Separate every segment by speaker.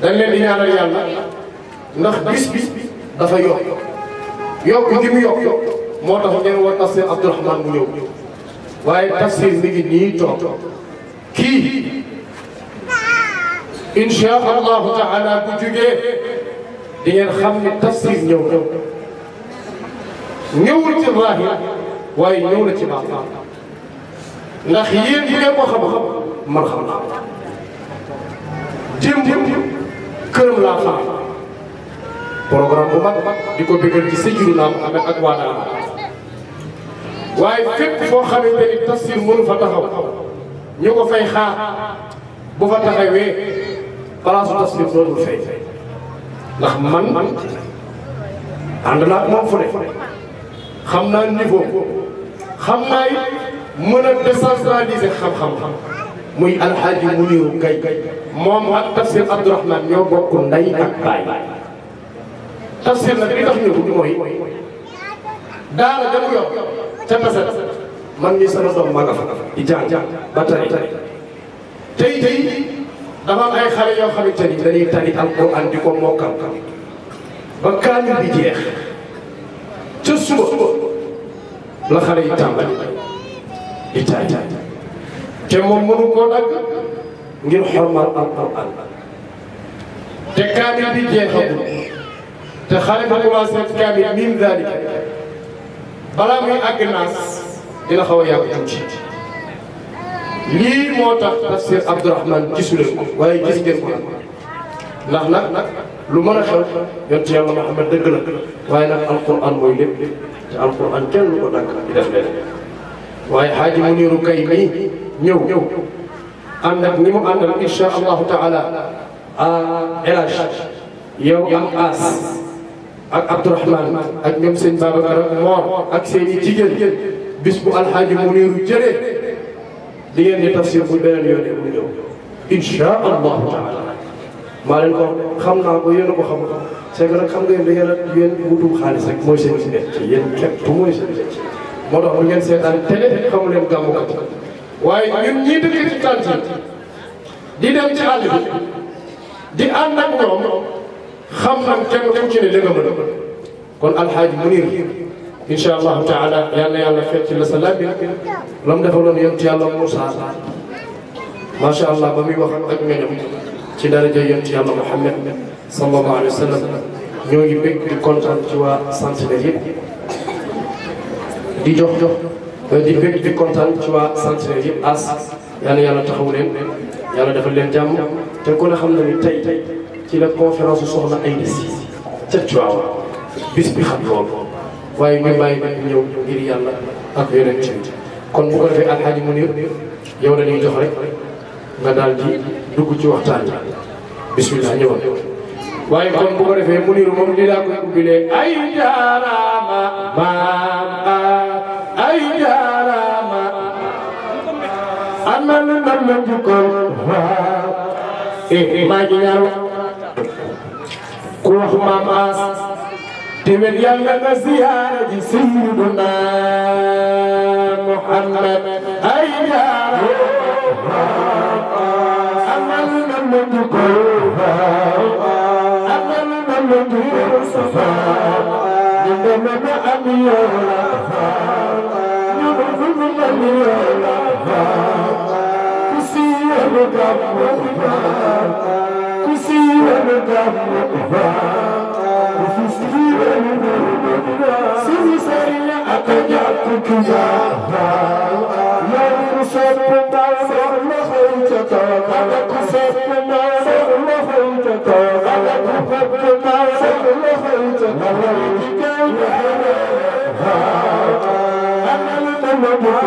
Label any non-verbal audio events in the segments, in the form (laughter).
Speaker 1: dañ leen di ñaanal yàlla ndax bis bi dafa yokk yokk mu yokk moo tax ngeen war tafsir Abdourahmane mu ñëw waaye tafsir mi ngi nii toog kii insha allahu taala bu jugee di ngeen xam ni tafsir ñëw ñëw ñëwul ci waaye ñëw na ci baatin ndax yéen yi ngeen ko xam-xam man xam naa ko jëm këram laa far programme bu mag di ko dëggal ci Seydina Muhammad ak waa waaye fépp foo xamante ni tafsir mënu fa taxaw ñu ko fay xaar bu fa taxawee place tafsir doonul fay ndax man ànd naa ak moom fu ne xam naa niveau xam naa it mën a décentraliser xam-xam. muy alxaaji Muniru Gay moom ak tafsir Abdourahman ñoo bokk ndey ak baay tafsir nag di mooy daara da mu yor ca Masar man mii sama doom ma nga di jàng ba tari tey tey dafa am ay xale ba kaamil bi jeex ca suba la xale yi tàmbali di taay te moom mënu koo dagg ngir xormal alquran te kaamil bi jeexagul te xale bi commencé kaamil min dalika balaa muy àgg naas dina xaw a yàgg lii moo tax tafsir Abdourahman gisu leen ko waaye gis ngeen ko ndax na lu mën a xew yonent yàlla Muhammad dëgg la waaye nag alquran mooy lépp te alquran kenn lu ko dagg di def waaye xaaji niiru kay mii ñëw ànd ak ñi mu àndal incha allahu taala El Hadj yow ak As ak Abdourahman ak ñoom sëñ Babacar ak Mor ak seen i jigéen bis bu alxaaji mu niiru jëlee di ngeen di tafsir bu taala maa leen ko xam naa ko yéen a ko xam c' est que nag xam nga yéen da ngeen xaalis rek mooy seen ci nekk yéen képp mooy seen ci moo tax bu ngeen seetaan télé xamu leen gàmmu waaye ñun ñii dëkk ci tànt di dem ci àll bi di ànd ak ñoom xam nañ kenn ku ci ne dëgg mën kon alxaaji Munir incha allahu taala yal na yàlla fecc la sa laaj bi la mu defaloon yonent yàlla Moussa macha allah ba muy wax ak ñoñam ci daraja yonent yàlla Muhammad sallallahu alayhi wa sallam ñoo ngi bég di kontaan ci waa Sentinelle yëpp di jox jox. Euh, di bëgg di kontaan ci waa centenaire yëpp as yal na yàlla taxaw leen yàlla defal leen jàmm te ku ne xam na ni tey ci la conférence soxna ay des ca Tiwaawan bis bi xam loolu waaye ñu bàyyi ba ñëw ngir yàlla ak yeneen ci kon bu ko defee alxaaji mu niir yow la ñuy jox rek nga daal di dugg ci waxtaan yi bisimilah ñëwal waaye kon bu ko mu niir moom li laa koy ubbilee ay jaaraama maam mel ni mel na jikkoom waaw maa ngi ñaan ku wax maam as tamit yàlla nga ziyaara ji sayyiduna Muhammad
Speaker 2: ay jaara amal na ma jikkoom waaw amal na ma jikkoom safa ñu dama na am yoon ñu dama na am yoon ونقف وقفا كسي ونقف وقفا وفسي ونقف سلسل أتجعتك يا يا رسول الله خيتك أنا كسبت ما سر خيتك أنا كفبت ما سر خيتك ويدك الحياة أنا لتمدك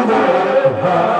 Speaker 2: Allahu Akbar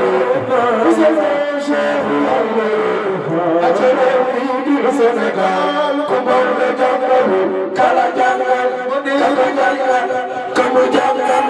Speaker 2: Kamu jangan, kamu jangan, kamu jangan.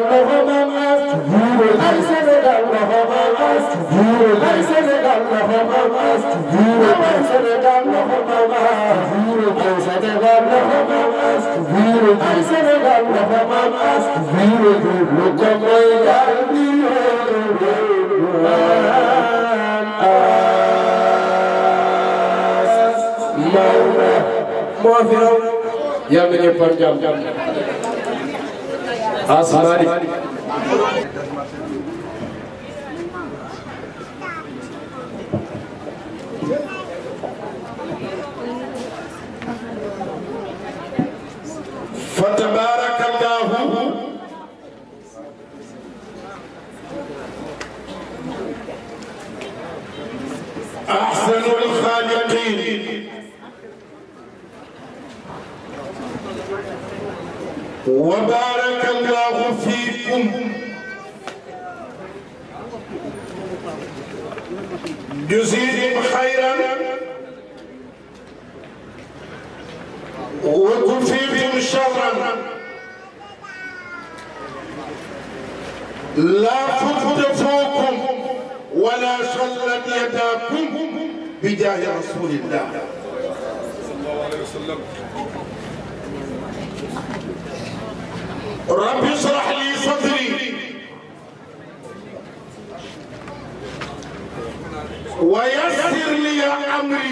Speaker 2: moo fi raw
Speaker 1: yàlla na ñëpp am jàmm asmalik
Speaker 2: fa tabarakallahu
Speaker 3: ahsanul khaliqin وبارك الله فيكم جزيهم خيرا وكفي بهم شرا لا فقد فوقكم ولا شلت يداكم بجاه رسول الله صلى الله عليه وسلم rabbi shrah li sadri wa yassir li amri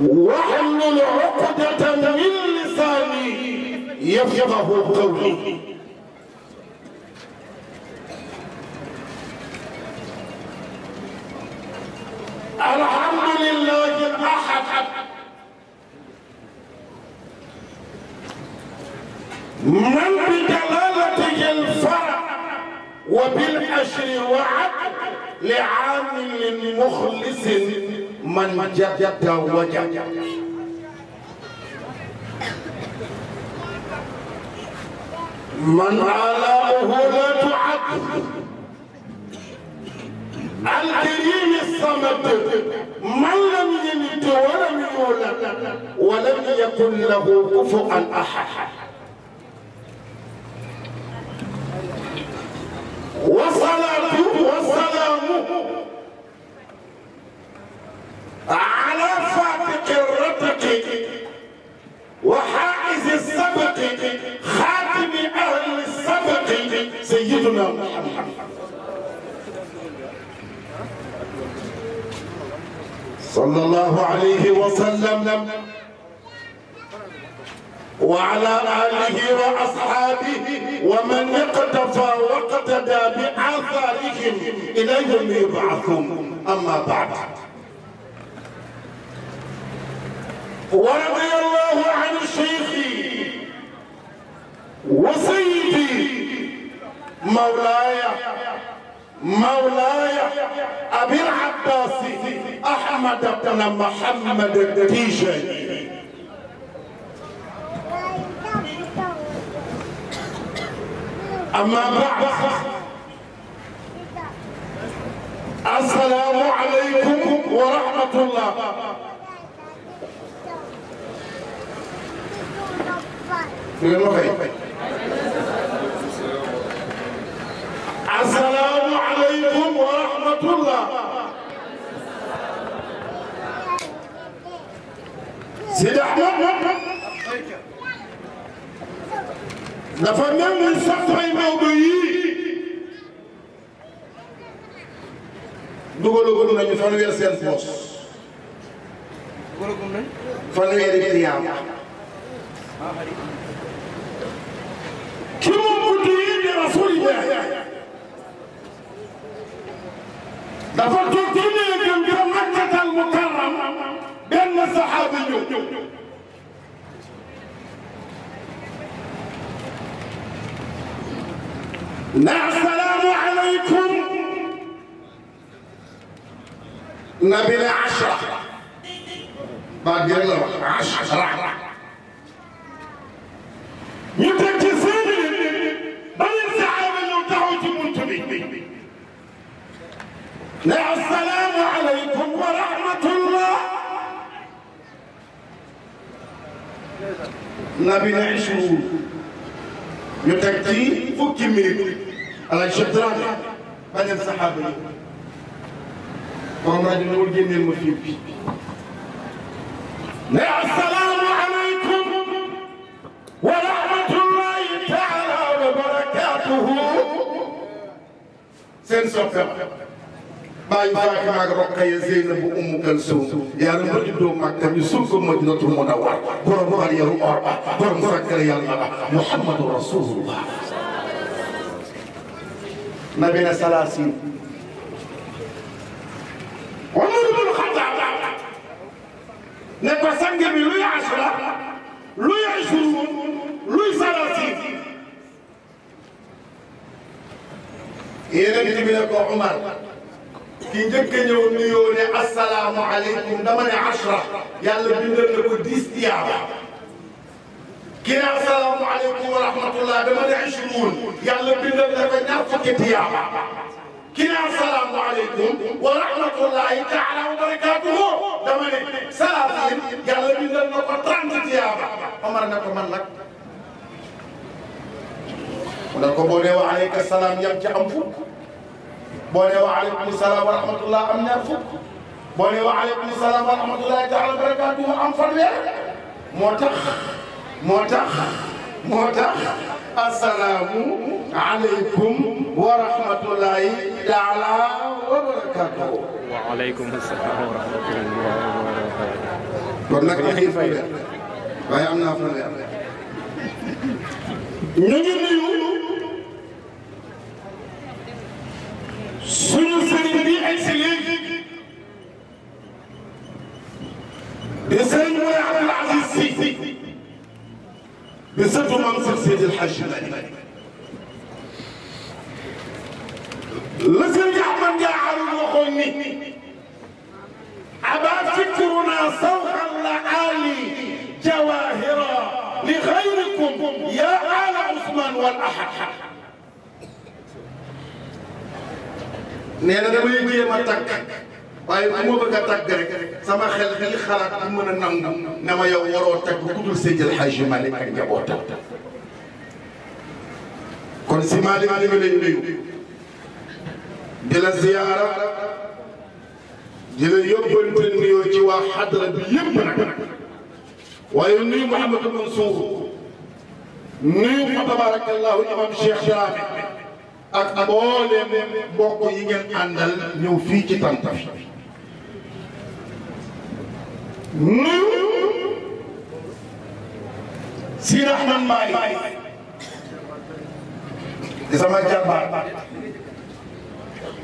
Speaker 3: واحلل عقدة من لساني يفقه قولي الحمد لله الأحد من بجلالته الفرع وبالأشر وعد لعامل مخلص من جد وجد من آلاؤه لا تعد الكريم الصمد من لم يلد ولم يولد ولم يكن له كفؤا أحد wasalaatu wasalaamu ala faatiqi rataqi wa xaa'izi sabaqi xaatimi ahli sabaqi sayyiduna Muhammad sallallahu alayhi wa sallam وعلى آله وأصحابه ومن اقتفى واقتدى بآثارهم إلى يوم يبعثون أما بعد ورضي الله عن شيخي وسيدي مولاي مولاي أبي العباس أحمد بن محمد التيجاني أما بعد السلام عليكم ورحمة الله السلام عليكم ورحمة الله سيد أحمد dafa mel ni soppay Maodo yii dugalagum nañu fanweer seen poos fanweeri triyaam ki mu budd yi di Rasulillah dafa toog ci néegam ca Makkatal Mukarram benn saxaaba ñëw na assalaamu aleykum nabi la ashra baat bi la wax ashra ñu teg ci seeni beneen saxaaba ñëw taxaw ci buntu bi na assalaamu aleykum wa rahmatullah nabi la ashra ñu teg ci fukki minute alaaj Cheikh Dramé beneen saxaaba yi moom rajo bi mu génneel ma fii bi ne assalaamu aleykum wa rahmatullahi taala wa barakaatuhu seen soppe bàyyi bàyyi maag Roqaya Zeynabu Ummu Kalsum yàlla ma juddoo Makka ñu suul ko Madinatul Munawwar borom bariyaru or ba borom sàkkara yàlla ba Muhammadu Rasulullah nabi na salaasin
Speaker 2: Umar ibn Xattaab
Speaker 3: ne ko sang bi luy asura luy asuru luy salaasin yéen a ngi ci biir ko Umar ki njëkk a ñëw nuyoo ne asalaamualeykum dama ne ashra yàlla bindal na ko dix tiyaaba ki ne asalaamualeykum wa rahmatullah dama ne ishruun yàlla bindal na ko ñaar fukki tiyaaba ki ne asalaamualeykum wa rahmatullahi taala wa barakaatuhu dama ne salaatin yàlla bindal na ko trente tiyaaba Omar ne ko man nag mu ne ko boo dee wa aleyka salaam yam ci am fukk boo nee wa aleykum salaam wa rahmatullah am ñaar fukk boo nee wa aleykum salaam wa rahmatullahi taala barakaatu mu am fanweer moo tax moo tax moo tax asalaamu aleykum wa rahmatullahi taala wa barakaatu.
Speaker 1: wa aleykum salaam wa rahmatullahi wa barakaatu.
Speaker 3: kon nag ñu ngi fay waaye am naa fanweer. ñu ngi nuyu. suñu sëriñ bi ay si léegi di sëriñ mooy Abdul Aziz Si di sëtu maam Seex Seydi El Hadji Malick la sëriñ Ahmad Diarra waxoon ni aba fikruna sawxan la ali jawahira li xayrikum ya ala Ousmane wal Ahad nee na damay jéem a tàgg waaye bu ma bëgg a tàgg sama xel xel xalaat bu mën a na ma yow waroo tàgg ku dul Seydi El Hadji Malick ak njabootam kon si Malick li nga lay nuyu di la ziyaara di la yóbbante nuyoo ci waa xadra bi yëpp nag waaye nuyu Mouhamadou Mansour nuyu fa tabarakallahu imam Cheikh Dramé ak mboolem bokk yi ngeen àndal ñëw fii ci Tantaf nuyu si Rahman Mbaye di sama jàmbaar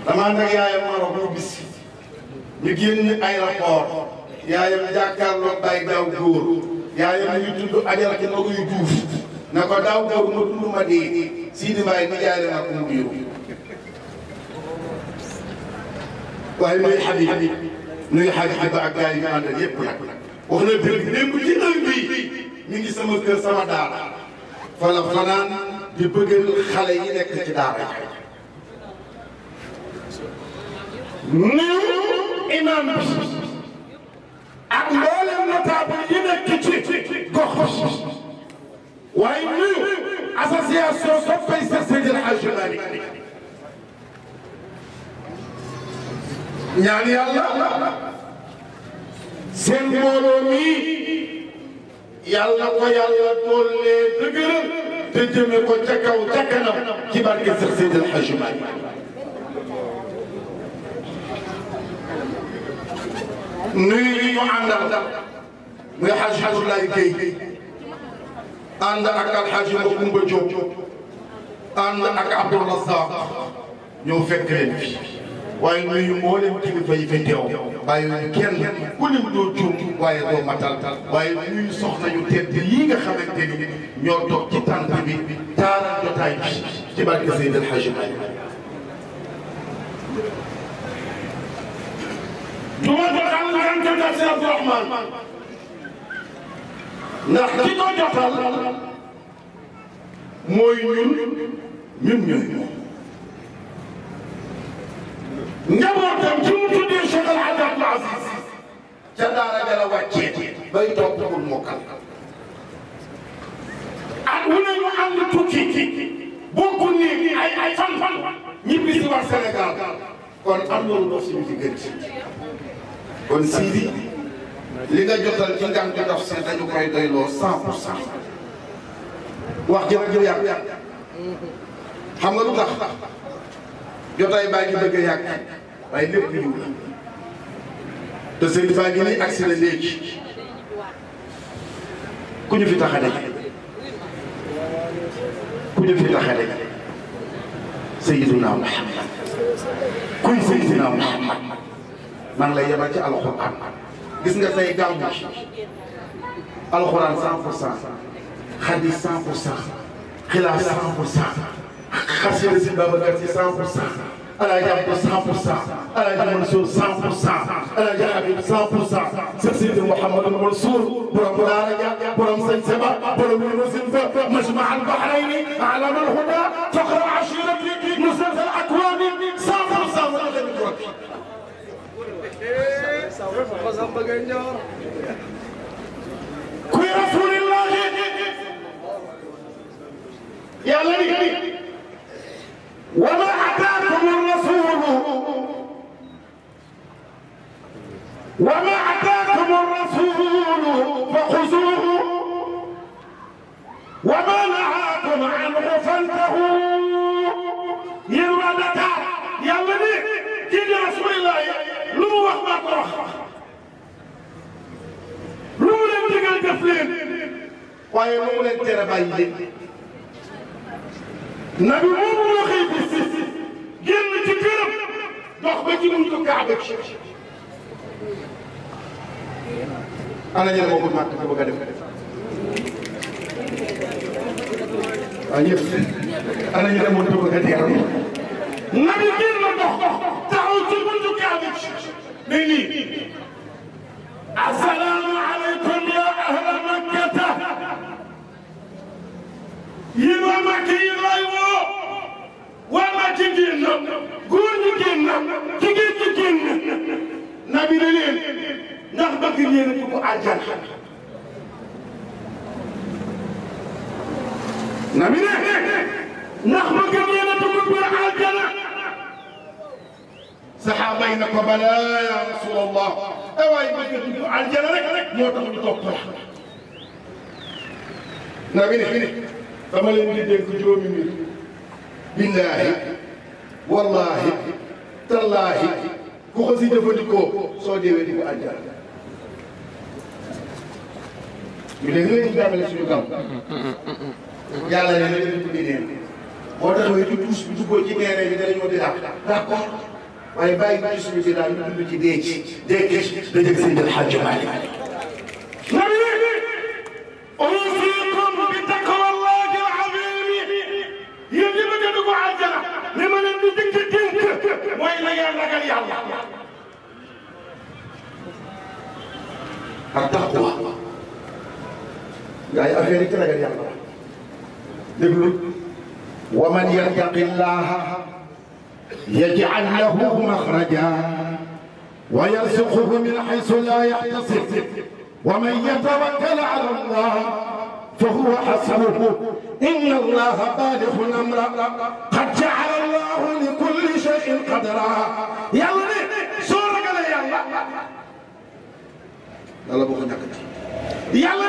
Speaker 3: dama ànd ak yaayam Maroc bu bis ñu génn aéroport yaayam jàkkaarloo bay daaw góor yaayam ñu tudd ajara ci ndogu yu duuf na ko daaw góor ma dund ma Sidi Mbaye mi la ma ko mu biiru waaye nuyu xarit yi nuyu xarit ba ak gars yi ñu àndal yëpp nag wax na dëgg démb ci heure bii sama kër sama daara fa la fanaan di bëggal xale yi nekk ci daara yi. nee imam bi ak mboolem notable yi nekk ci gox. waaye nuyu association soppay sa Seydina Hadji Malick ñaan yàlla seen mbooloo mi yàlla ko yàlla doole dëgëral te jëme ko ca kaw ca kanam ci barke sax Seydina Hadji Malick nuyu ñu àndal muy Hadji Abdoulaye Gueye ànd ak alxaaji Makumba Jóob ànd ak Abdou Razaq ñëw fekk leen fi waaye nuyu mboolem kilifa yi fi teew bàyyi kenn ku lim doo juum waaye doo matal waaye yu tedd yi nga xamante ni ñoo toog ci tànt bi taaral jotaay bi ci barke Seydi ndax ki ko jotal mooy ñun ñun ñooy moom. njabootam ci mu tuddee Cheikh El Hadj Abdoul Aziz ca daara ja la wàccee bay toog pour mokkal. ak wu ne ñu ànd tukki bokku ni ay ay fan fan ñibbi si war Sénégal kon am na lu dox suñu diggante kon Sidi. li nga jotal ci ngan bi dox si dañu koy doyloo cent pour wax jëf jëf yàgg xam nga lu tax jotaay baa ngi bëgg a yàgg waaye lépp yiw te sëriñ faa ngi nii agsi na ku ñu fi tax a daj ku ñu fi tax a daj Sayyiduna Muhammad kuy Sayyiduna Muhammad maa ngi lay yebal ci alxuraan gis nga tey gàmmu alxuraan cent pour cent xadis cent pour cent xilaas cent pour cent xasida si Babacar si cent pour cent Alaaji Abdu cent pour cent Alaaji Mansuur cent pour cent Alaaji Habib cent pour cent Seydi Mouhamadou Mansuur borom daara ja borom sañ-sañ ba borom université ba majma al bahrayni alamal huda faqra ashirati musal al akwami cent pour
Speaker 2: cent
Speaker 3: kuy rasulillahi yàlla ni wa ma ataakum rasulu wa ma ataakum
Speaker 2: rasulu
Speaker 3: fa xuzuuhu wa ma nahaakum anhu fantahu yéen waa Dakar yàlla ni ci rasulillahi lu mu wax maa ko wax lu mu leen digal def leen waaye lu mu leen tere bàyyi leen nabi moomu moo xëy bis si génn ci këram dox ba ci buntu kaaba ci ana ñeneen moo ko màkk nga bëgg a def waaye ñëpp ana ñeneen moo ko bëgg a teeral nabi génn dox dox buntu buntu nabi na leen ndax bëgg ngeen a nabi ne
Speaker 4: ndax bëgg ngeen a dugg
Speaker 3: saxaaba yi na ko balaa yaa rasulallah waaye bëgg a dugg aljana rek rek moo tax ñu topp la. na mi ne dama leen di dénk juróomi mbir billaahi wallaahi tallaahi ku ko si jëfandikoo soo deewee di nga aljana ñu ne léegi jàngale suñu gàmm. yàlla ne la ñu tuddee neen moo tax mooy ci tuus bi duggoo ci neeree bi danañoo di dàq d'accord waaye bàyyi bàyyi suñu ci daal ñu dund ci dee ci dee ci dajëg Seydi El Hadji Malick أوصيكم بتقوى الله العظيم يجب أن تدعو عجلة لمن يدك تلك وإلا يالك يالله التقوى يا أخي لك يالله ومن يتق الله يجعل له مخرجا ويرزقه من حيث لا يحتسب ومن يتوكل على الله فهو حسبه إن الله بالغ أمره قد جعل الله لكل شيء قدرا يلا سورة قال يلا يلا بو خنك يلا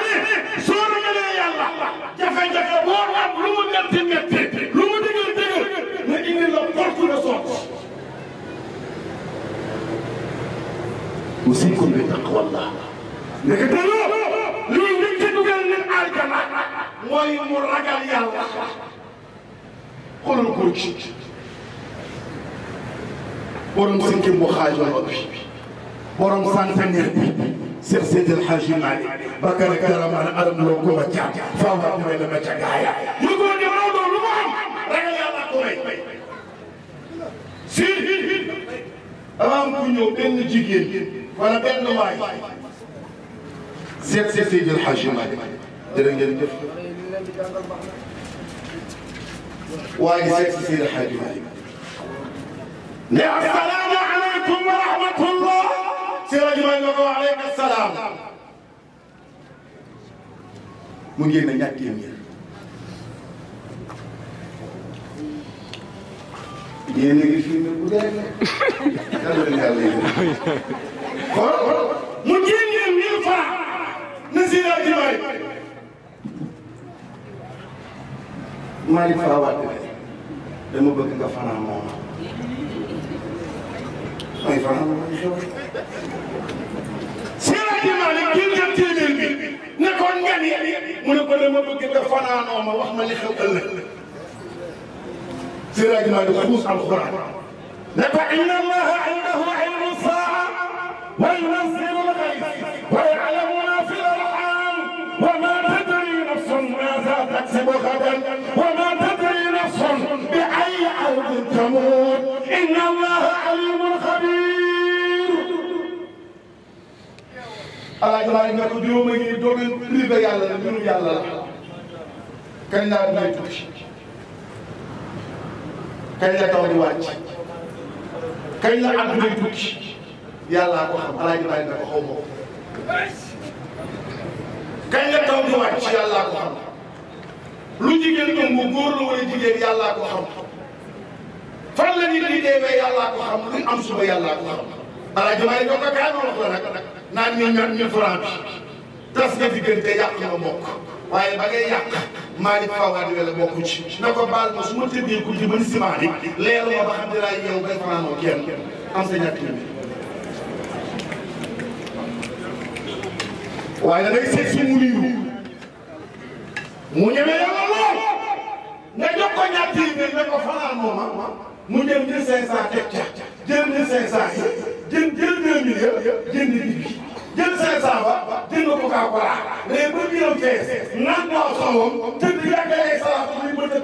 Speaker 3: سورة قال يلا جفا جفا بور لو usikum
Speaker 1: bi taqwallah nekk dara
Speaker 3: lii njëkk a dugal nit aljana mooy mu ragal yàlla xoolal góor gi borom sikkim bu xaajaloo bi borom centenaire bi Seex Seydi El Hadji Malick Bakar Karaman alam loo ko ragal yàlla ko may si dama ku ñëw benn jigéen wala benn waay seet seet Seydil Hadji Malick jërë ngeen jëf waaye seet Seydil Hadji Malick ne assalaamu aleykum wa rahmatullah Seydil Hadji Malick na ko wax aleykum salaam mu génn ñàkk téeméer yéen a ngi filmé bu dee kon mu génnee mille francs na si laa ji Malick Malick Fa Wade dama bëgg nga fanaan moom may fanaan moom xew si laa ji Malick gën nga téeméer bi ne kon nga ni mu ne ko dama bëgg nga fanaanoo ma wax ma li xew ëllëg si laa ji Malick xuus alxuraan ne ko inna allaha indahu ilmu saa وينزل الغيث ويعلم ما في الأرحام وما تدري نفس ماذا تكسب غدا
Speaker 2: وما تدري نفس بأي
Speaker 3: أرض تموت إن الله عليم خبير alaaj laay nga ko juróoma ngi doog ribe yàlla la mbirum yàlla la kañ laa dinay tukki kañ la taw di wàcc kañ la àddunay tukki yàllaa ko xam alaaji bàyyi na ko xaw ma ko kañ la taw di wàcc yàllaa ko xam lu jigéen ëmb góor la wala jigéen yàllaa ko xam fan la nit ñi deewee yàllaa ko xam lu am suba yàllaa ko xam alaaji bàyyi jox ko kaa ma wax la nag naan ñu ñor ñu franc bi tas nga diggante yàq nga mbokk waaye ba ngay yàq Malick Fawad wala bokku ci na ko baal ma su ma tëddee ku ci mën simaani leeru ma ba xam dinaa yeewu bay fanaanoo kenn am sa ñàkk waaye da ngay seet si mu liiru mu ñemee lool nga ko ñaar téeméer ko fanaan mooma ah, ah. mu jël mille cinq cent teg ca jël mille cinq cent yi jël jël deux mille yëpp jënd digg jël ba jënd ko ko laa mais ba biiram fees naan naa xamoom tëdd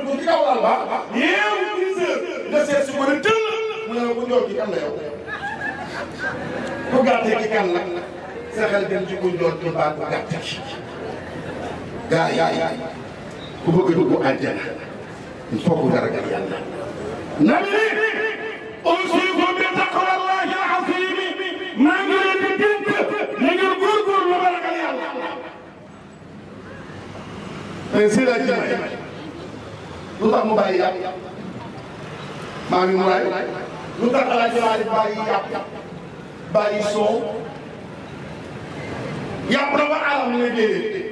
Speaker 3: ko ci kaw ba yeew dix heures nga seet si ko ne tëll mu ne la ko jox gi kan la yow ku gàttee ki kan saxal dem ci buñ doon tubaab bu gàtt gi. gaa yi ku bëgg a dugg àjjana il faut que dara gën yàlla. na mi usiikum bi taqwallahi al-aziim maa ngi leen di dénk na ngeen góorgóorlu ba ragal yàlla. mais si la jëmee lu tax mu bàyyi yàpp maa ngi mu raay lu tax El Hadj Malick bàyyi yàpp bàyyi soow. yàpp dafa araam ñu ne déedéet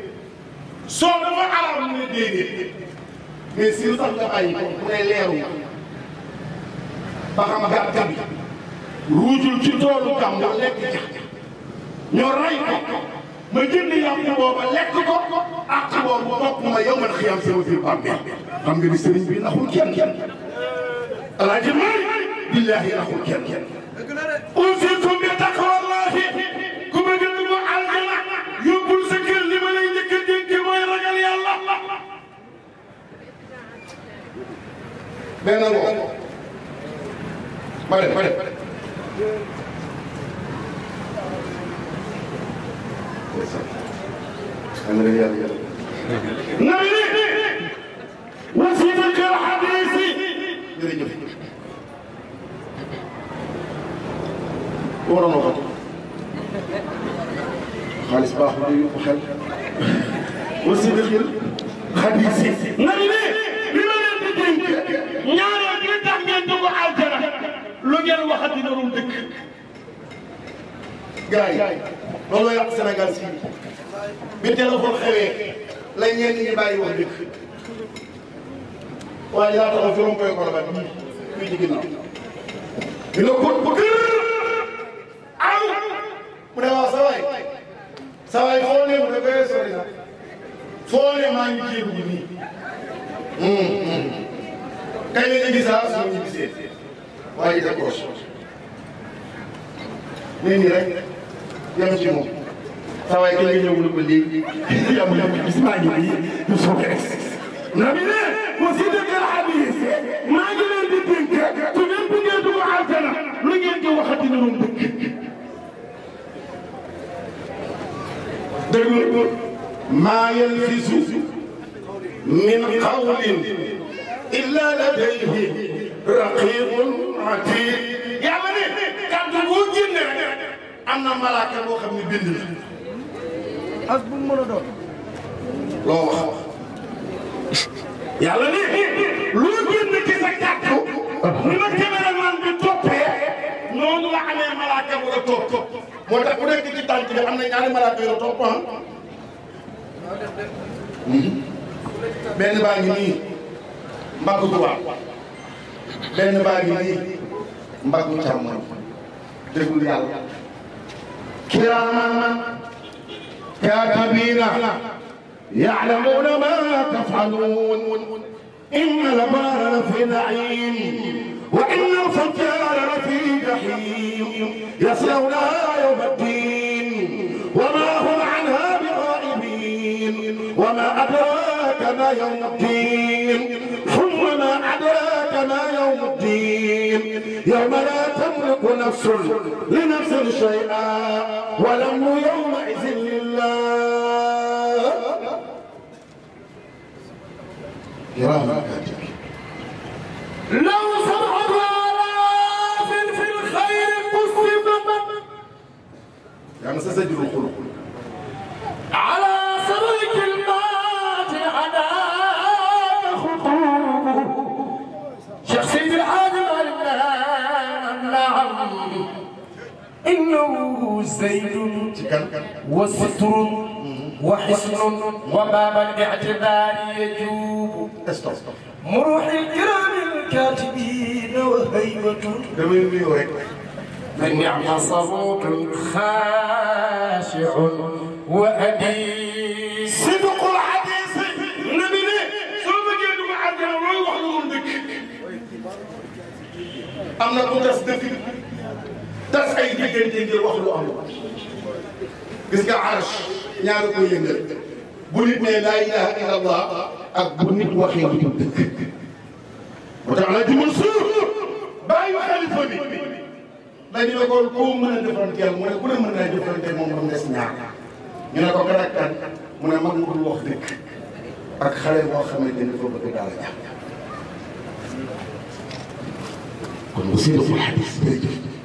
Speaker 3: soo dafa araam ñu ne déedéet mais si sax nga bàyyi ko bu dee leeru ba xam gàtt bi ruujul ci toolu jàmm lekk ja ñoo rey ko ma jënd yàpp booba lekk ko ak boobu bokk ma yow man xiyam sama biir bàmmeel xam nga ni sëriñ bi naxul kenn kenn alaaji maay billaahi naxul kenn kenn benn ngoog bare bare am na yàlla yàlla nabi wasiifatul hadiisi jërëjëf ngi nii mbaggu càmmoñ déglu yàlla kiraaman kaatibiina ya'lamuuna maa taf'aluun inna al-abraara lafii na'iim wa inna al-fajjaara lafii jahiim yaslawnahaa yawma ddiin wa maa hum 'anhaa bi ghaa'ibiin wa maa adraaka maa yawmu ddiin يوم لا تملك نفس لنفس شيئا والأمر يومئذ لله كرام لو سبعة آلاف في الخير قسمت يعني سأسجل الخلق
Speaker 1: زيد وستر وحسن وباب الاعتذار يجوب مروح الكرام الكاتبين وهيبة من نعم صبوت خاشع وأديب صدق الحديث نبي ليه سوف جيتوا مع الجامعة
Speaker 3: ويوحدوا من ذكر أما كنت أصدقك tas ay diggante ngir wax lu am gis nga arsh ñaar ko yëngal bu nit ne laa ilaha illa ak bu nit waxee lu la jumul suur bàyyi xalifa bi dañu ne ko koo mën a jëflanteel mu ne ku ne mën naa jëflanteel moom mu des ñaar ñu ne ko kan ak kan mu ne mag mu dul wax dëkk boo xamante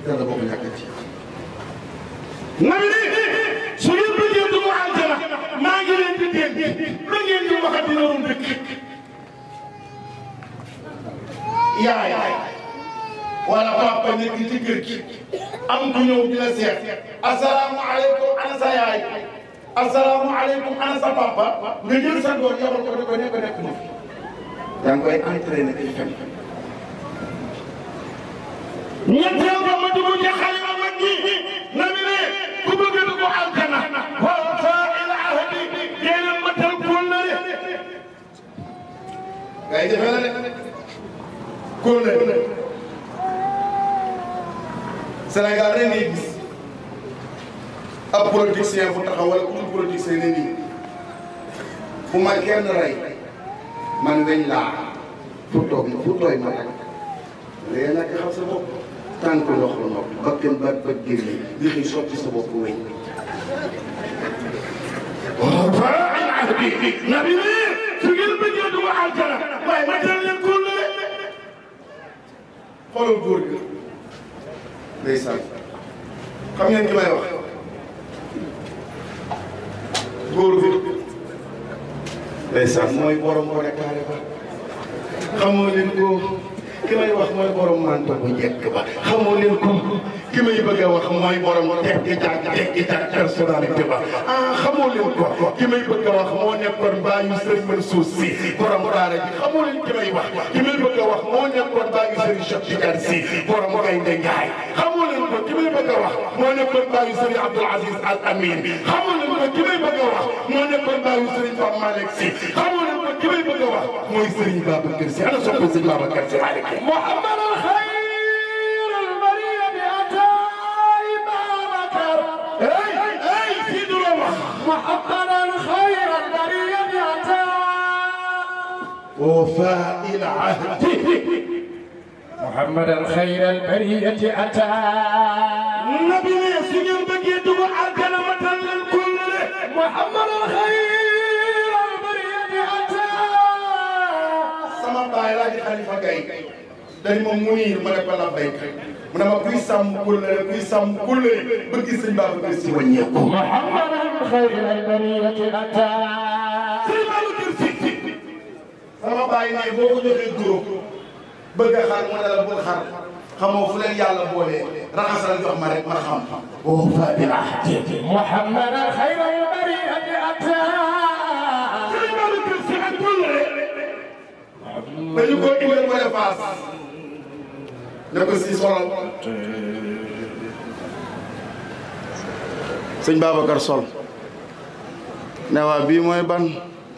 Speaker 3: yàlla boo ko ñàkkee ci. na mi ni su ngeen bëggee dugg aljana maa yaay wala papa nekk ci kër gi am ku ñëw di la seet asalaamualeykum ana sa yaay asalaamualeykum ana sa papa nga jël sa doon yabal ko ne na. yaa ñett yow ba ma dugg ci xalima mag ñi na mi ne ku bëgg dugg aljana wal faa il ahdi déedéet ma tal kóllëre. ngay defe la de kóllëre Sénégal ren ngay gis ab politicien bu taxaw wala ku dul politicien ne nii bu ma kenn rey man weñ laa fu toog fu tooy ma rek léegi nag xam sa bopp. tànk ndox la nopp bakkan baat ba génne li xëy sotti sa bopp weñ waaw
Speaker 5: waaw na bi nii su ngeen bëggee duma aljana waaye ma dal leen kóol
Speaker 3: la xoolal góor gi ndeysaan xam ngeen ki may mooy borom ko ne kaare ba xamoo leen ko ki may wax mooy borom manto bu njëkk ba xamoo leen ko ki may bëgg a wax mooy borom tekki jàkk tekki jàkk personnalité ba ah xamoo leen ko ki may bëgg a wax moo nekkoon baayu Serigne Mansour Sy borom daara ji xamoo leen ki may wax ki may bëgg a wax moo nekkoon baayu Serigne Cheikh Tidiane Sy borom Gaynde Ngaay xamoo leen ko ki may bëgg a wax moo nekkoon baayu Serigne Abdoul Aziz Al Amin xamoo leen ko ki may bëgg a wax moo nekkoon baayu Serigne Pape Malick Sy xamoo leen man ki may bëgg a wax mooy Serigne Babacar Sy ana sopp Serigne Babacar Sy Malick Muhammad al xayr al bariyati ata
Speaker 2: Babacar ay ay si du la wax Muhammad al xayr al bariyati ata
Speaker 1: وفاء العهد محمد الخير البرية أتى نبي سجن بقيته على كلمة للكل محمد
Speaker 2: الخير
Speaker 3: alaaji xalifa gay dañ ma muniir ma ne ko labbay mu ne ma kuy sàmm kullale kuy sàmm kullale ba gis sëñ Babacar Si wàññeeku Muhammadan xayril bariyati ata sëñ Babacar Si sama bàyyi naay boo ko joxee guro bëgg a xar mu ne la bul xar xamoo fu leen yàlla boole raxasal jox ma rek ma xam-xam. wa fa bi ahdi Muhammadan xayril bariyati ata dañu ko indil si solal sëñ Babacar sol ne waa bii mooy ban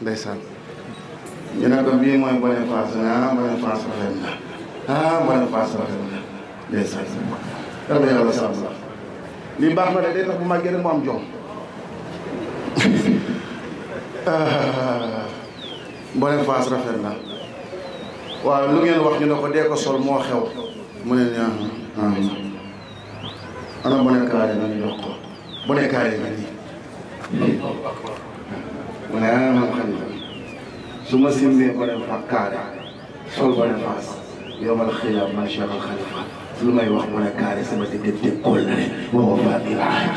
Speaker 3: ndeysaan ñu ne bii mooy bone faas ne ah bone faas rafet na ah bone faas rafet na ndeysaan yàlla yàlla sàmm la lii baax na de day bu màggee rek mu am jom (laughs) ah, bone faas rafet na waaw lu ngeen wax ñu ne ko dee ko sol moo xew mu ne nii ah ana bonekaare na ñu jox ko bonekaare na nii mu ne su ma simbee ko dem fa sol ba ne faas yomal xiyaam man Cheikh Al Khalifa may wax bonekaare sama diggante kóol na ne waaw faa bi laa.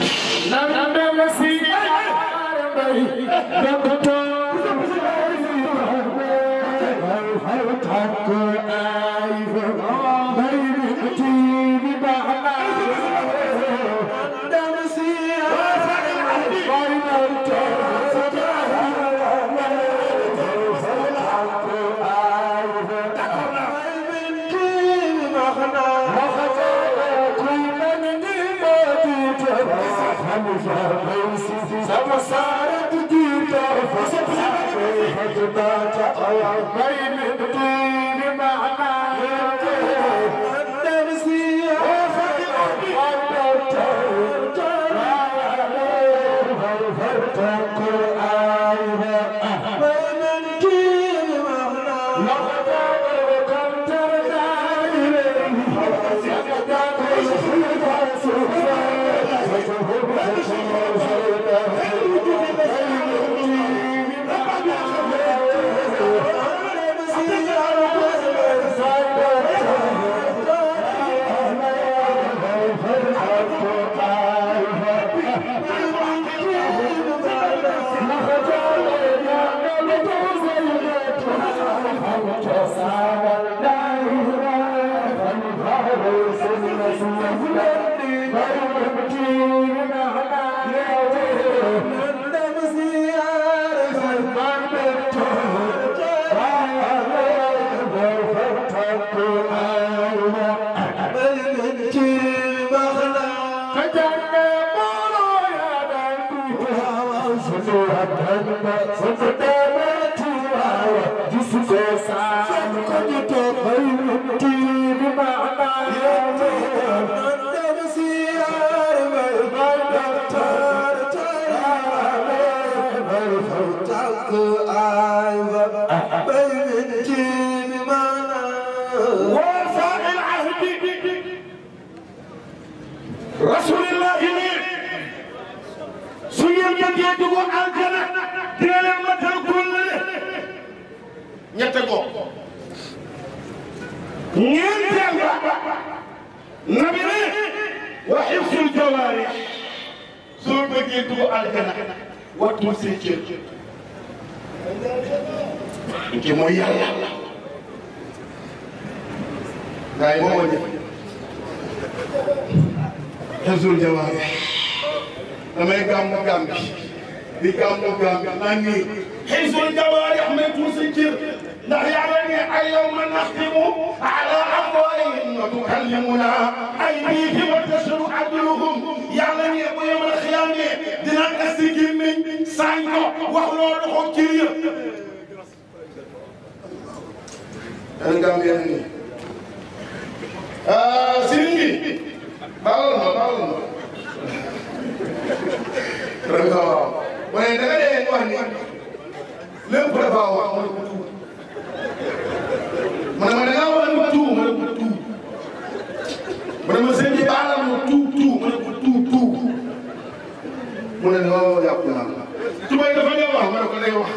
Speaker 3: mu ne non yàqu naa la. Touba dafa ne waaw ma ne ko day wax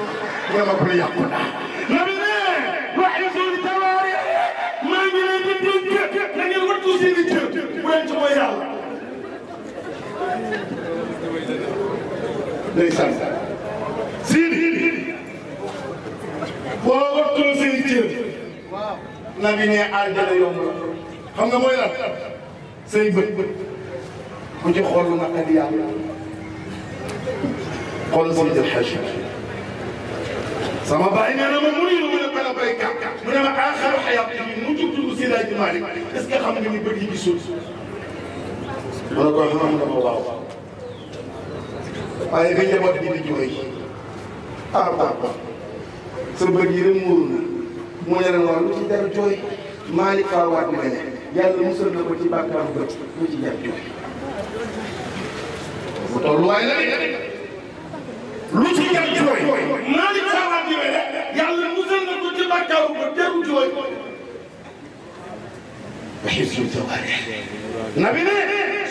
Speaker 3: mu ne ma ko yàqu naa. na bi ne wax yu suñu tawaare maa ngi leen di dénk na ngeen wattu seen i cër bu leen ci mooy yàlla. ndeysaan sii boo wattoo seen cër na ngi ne àjjana yomb xam nga mooy lan say bët bu ci xool lu naqari yàlla xoolal Seydi El Hadji sama baay nee na ma mënuñu mu ne ma la béykat mu ne ma aaxiru xayaati mu jug dugg Seydi Hadji Malick est-ce que xam nga ni bët yi gisul. ma ne ko xam nga ma waaw waaye bi njaboot bi di jooy ah papa sa bët yi rek muur na mu ne leen lu ci jar jooy Malick faa waat na ne yàlla musal na ko ci bàkkaaru bët mu ci jar jooy bu tolluwaay la lu ci ngeen jooy Malick Sawa Diwe de yàlla musal na ko ci bakkaaru ba teru jooy. waxi suñu tawaare. na bi ne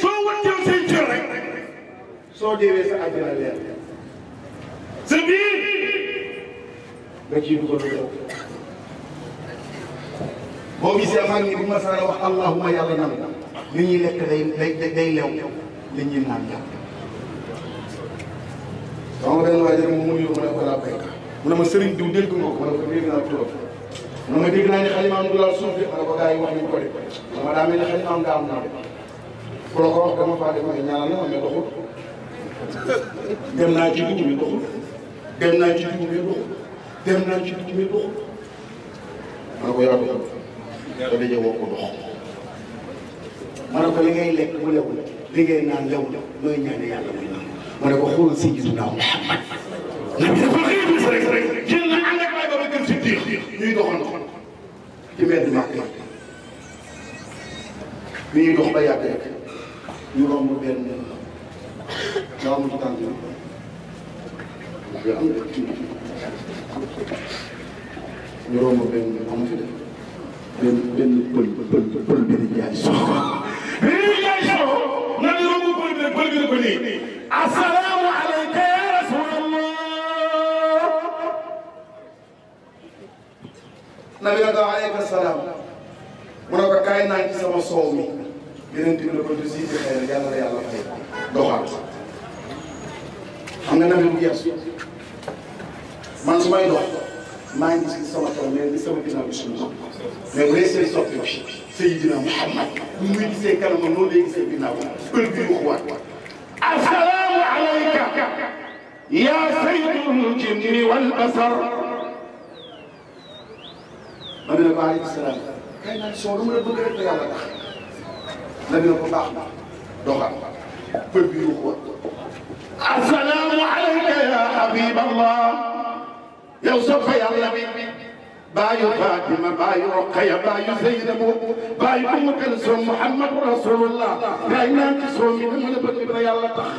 Speaker 3: soo wëtteew seen cër rek soo deewee sa àddina leer. sa biir. nga ciy dugal lool. boo gisee man ni bu ma sara wax allahuma yàlla nam li ñuy lekk day day day lew li ñuy naan jàpp.
Speaker 1: donc benn waa jërëm
Speaker 3: mu yóbbu ma ne ko laa béykat mu ne ma sëriñ diw dégg nga ko ma ne ko dégg naa turam mu ne ma dégg naa ne xalimaam du laal suuf ma ne ko gars yi wax nañu ko de ma daa mel ne xalimaam daa am naa ku la ko wax dama faa dem ay ñaanal na ma mais doxul dem naa ci dugub bi doxul dem mu lewul li ngay naan lewul mu ne ko xoolal sayyidina Muhammad nabi dafa xëy bis rek rek génn na ànd ak Abubakar Siddiq ñuy doxantu ci mbedd Màkk bi ñuy dox ba yàgg rek ñu romb benn daaw mu tànn ndax yow am na ñu romb benn am fi def benn benn pël pël pël bi di jaay soxla السلام عليك يا رسول
Speaker 2: الله
Speaker 3: نبي الله عليك السلام mu ne ko kaay naa ci sama soow mi yeneen tamit la ko du siy xëy na yàlla la yàlla fay doxal xam nga nabi bu yees man su may dox maa ngi gis sama tool mais li sama ginnaaw bi suñu
Speaker 5: mais bu dee seen soppi bi
Speaker 3: Seydina Muhammad mu ngi gisee kanam noonu lay gisee ginnaaw bi heure bii waxuwaat. asalaam. عليك يا سيد الجن والبصر النبي عليه السلام kay naan soo lu mu la bëgg rek da yàlla tax la ñu ko baax na doxal bër bi yuuxu woon asalaamu alayka ya habib allah yow soppa yàlla bi baayu Fatima baayu Roqaya baayu Zeynabu baayu Umu Kalsum Muhammadu Rasulullah kay naan soo mi dama la bëgg da yàlla tax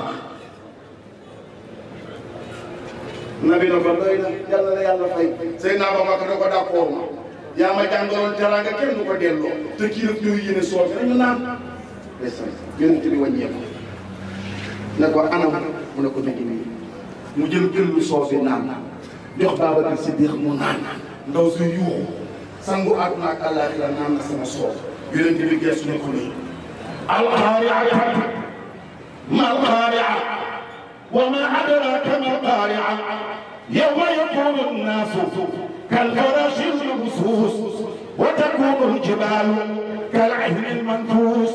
Speaker 3: nabi na ko doy na yàlla la yàlla fay sëy naa ba makka na ko d'accord ma yaa ma jàngaloon teraanga kenn du ko delloo te kii rek ñëw yéene soof rek naan bi wàññeeku ne ko anam mu mu naan naan ndaw si yuuxu sangu àdduna ak àllaaxira naan na sama soof yonent bi geesu ne ko nii alxaariya mal xaariya وما أدراك ما القارعة يوم يكون الناس كالفراش المبثوث وتكون الجبال كالعهن المنفوس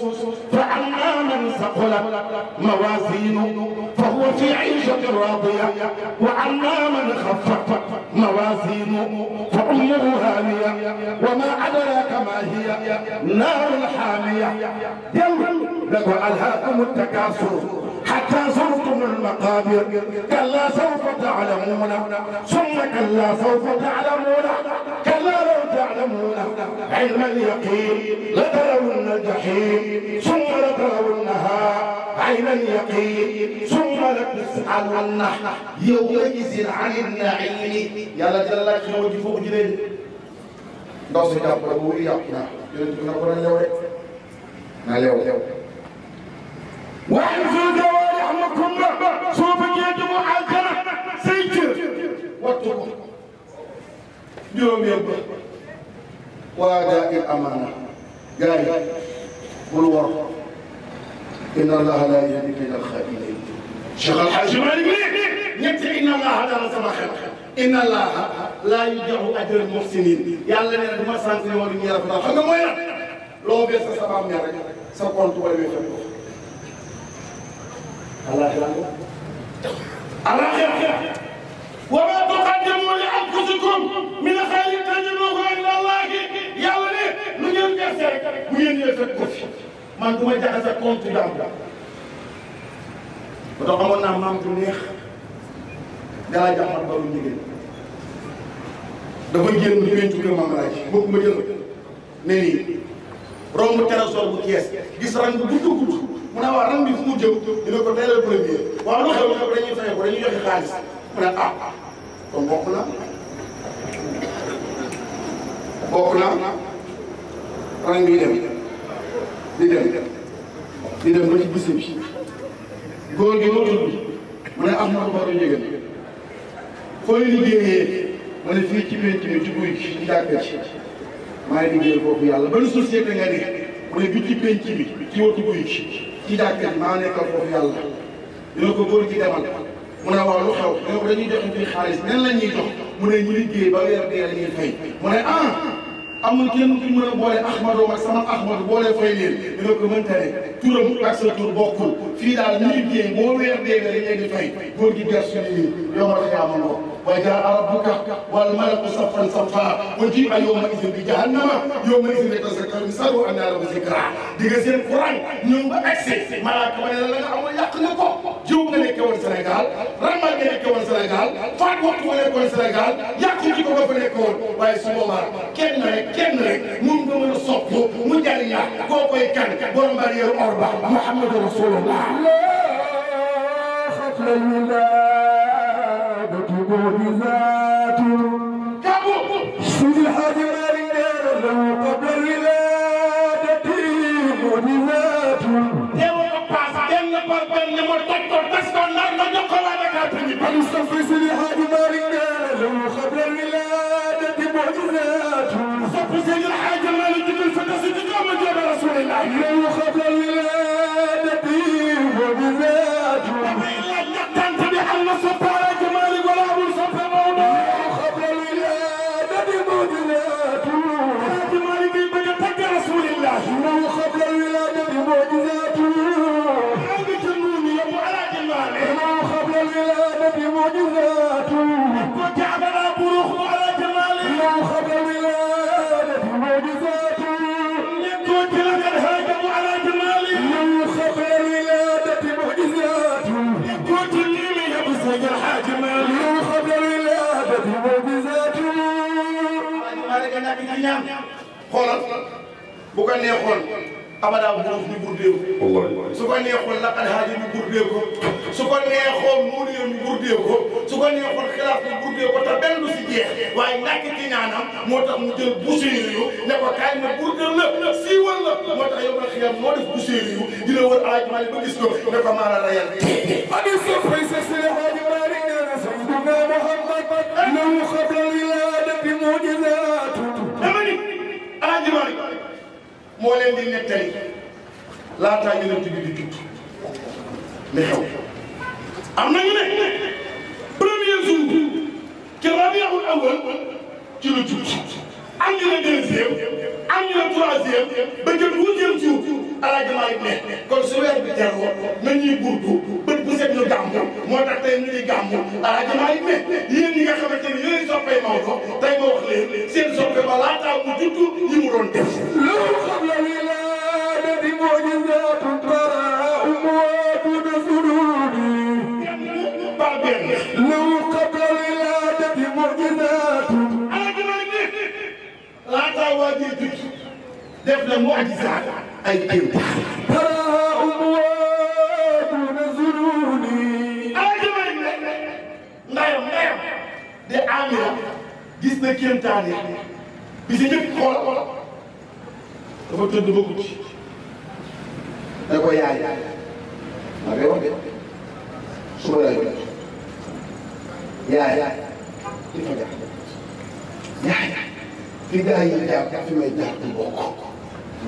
Speaker 3: فأما من ثقلت موازينه فهو في عيشة راضية وأما من خفت موازينه فأمه هانية وما أدراك ما هي نار حامية يوم لك ألهاكم التكاثر حتى زرتم المقابر كلا سوف تعلمون ثم كلا سوف تعلمون كلا لو تعلمون علم اليقين لترون الجحيم ثم لترونها عين اليقين ثم لتسألن يومئذ
Speaker 4: عن النعيم
Speaker 3: يلا جل جلاله فوق جنين ndaw si jàpp la bu wuyu yàpp naa yonent bi na ko na lew rek na lew lew waaye suñu jawwari am na kumba soo bëggee jëmu aljana say cër wattu ko juróomeel ba waa daa il amaana gars yi bul wor inna allaha laa yahdi kayda alxaa'iniin Cheikh Al Hadj Malick lii ñetti inna allaha daal sama xel inna allaha laa yudii'u ajral muhsiniin yàlla nee na du ma sant ne woon ñu rafetal xam nga mooy lan loo bees sa sabaam ñaar rek sa compte wala wéy alaaxira alaaxira wa maa tuqaddimu li anfusikum min xayrin tajiduuhu inda Allaahi yàlla ne lu ngeen def rek bu ngeen ñëwee fekk ko fi man du ma jaxase compte jàmm ba tax amoon naa maam neex dalaa jaxmat baru njigéen dafa génn ñu leen tukkee ne nii romb trésor bu kees gis rang bu gudd gudd mu ne waaw ren bi fu mu jëm dina ko teelal premier waaw lu xew ko dañuy fexe ko dañuy joxe xaalis mu ne ah, ah, ah. kon bokk na bokk na ren bi dem di dem di dem ba ci bés bi
Speaker 1: góor gi moo tudd
Speaker 3: mu ne am na ko baru njëgën fooy liggéeyee mu ne fii ci penc mi ci guy gi ci jàkka ci maa ngi liggéeyal foofu yàlla ban société nga ne mu ne bi ci penc bi ci wetu guy gi ci jàkka ji maa nekkal foofu yàlla dina ko góor gi demal mu ne waaw lu xew dina ko dañuy jox ci xaalis nen la ñuy jox mu ne ñu liggéey ba weer dee la ñuy fay mu ne ah amul kenn ku mën a boole Ahmadou ak sama Ahmadou boole fay leen dina ko mënta ne turam ak sa tur bokkul fii daal ñu liggéey boo weer dee la ñuy di fay góor gi gerte gi yow ma la yaa ma وجاء ربك والملك صفا صفا وجيء يومئذ بجهنم يومئذ يتذكر الانسان وانى له ذكرى ديغا سين قران نيو با اكسي ملاك ما لا لا امول ياق نكو جيو nga nekk woon Sénégal ramal nga nekk woon Sénégal faat waxtu nga nekk woon Sénégal yàqu ci ko fa nekk woon waaye su boobaa kenn rek kenn rek mun nga mën a sopp mu jariñaa koo koy kan borom bari yor or ba Muhammadu Rasulullah
Speaker 2: معجزات سيدي الحاج مالك له
Speaker 3: قبل الولادة معجزات مصطفى سيدي الحاج مالك له قبل الولادة معجزات مصطفى سيدي الحاج مالك الفتى سيدي رسول الله neexoon abadaa buuf ñu burdee ko. wallaahi su ko neexoon laqad haaja ñu burdee ko. su ko neexoon muuniya ñu burdee ko. su ko neexoon xilaaf ñu burdee ko te benn du si jeex. waaye ñàkk ci ñaanam moo tax mu jël busiri yu ne ko kaay ma burdeel la siiwal la moo tax yow ma xiyam moo def busiri yu dina wër alaaj maali ba gis ko ne la rayal. hadis sa fay sa sëriñ Hadji Malick nee na sayyidina Muhammad lahu qabla al-wilaadati mu'jizaatun. dama ni alaaj moo leen di nettali laataa yonent bi di tudd li xew am na ñu ne premier jour ci rabiul awal ci lu jub am ñu ne deuxième am ñu ne troisième ba jël huitième jour alaaj Maalik ne kon su weer bi teroo moo tax tey ñu ngi gàmmu alaaji Maalik ne yéen ñi nga xamante ni yéen soppee Maodo tey ma wax leen seen soppe ba laataa mu judd yi mu doon def. loolu xam la lii laa ne di moo ñu ñaatu dara
Speaker 2: moo tudd suruudi. par benn. loolu xam la
Speaker 3: lii laa ne di moo ñu ñaatu. alaaji Maalik ne laataa waa ji judd def na mu aji ay kéemtaan. ndayam ndayam de Amina gis na kéemtaan yi bi si ñëpp xool dafa tëdd ba guddi da ko yaay maa ngi wax de su ma yaay yaay yaay di fa jàpp yaay fi gaa yi jàpp fi may jàpp bokk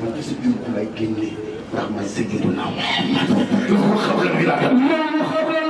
Speaker 3: man ci sa biir ku lay génnee ndax man Seydina Muhammad loolu xam la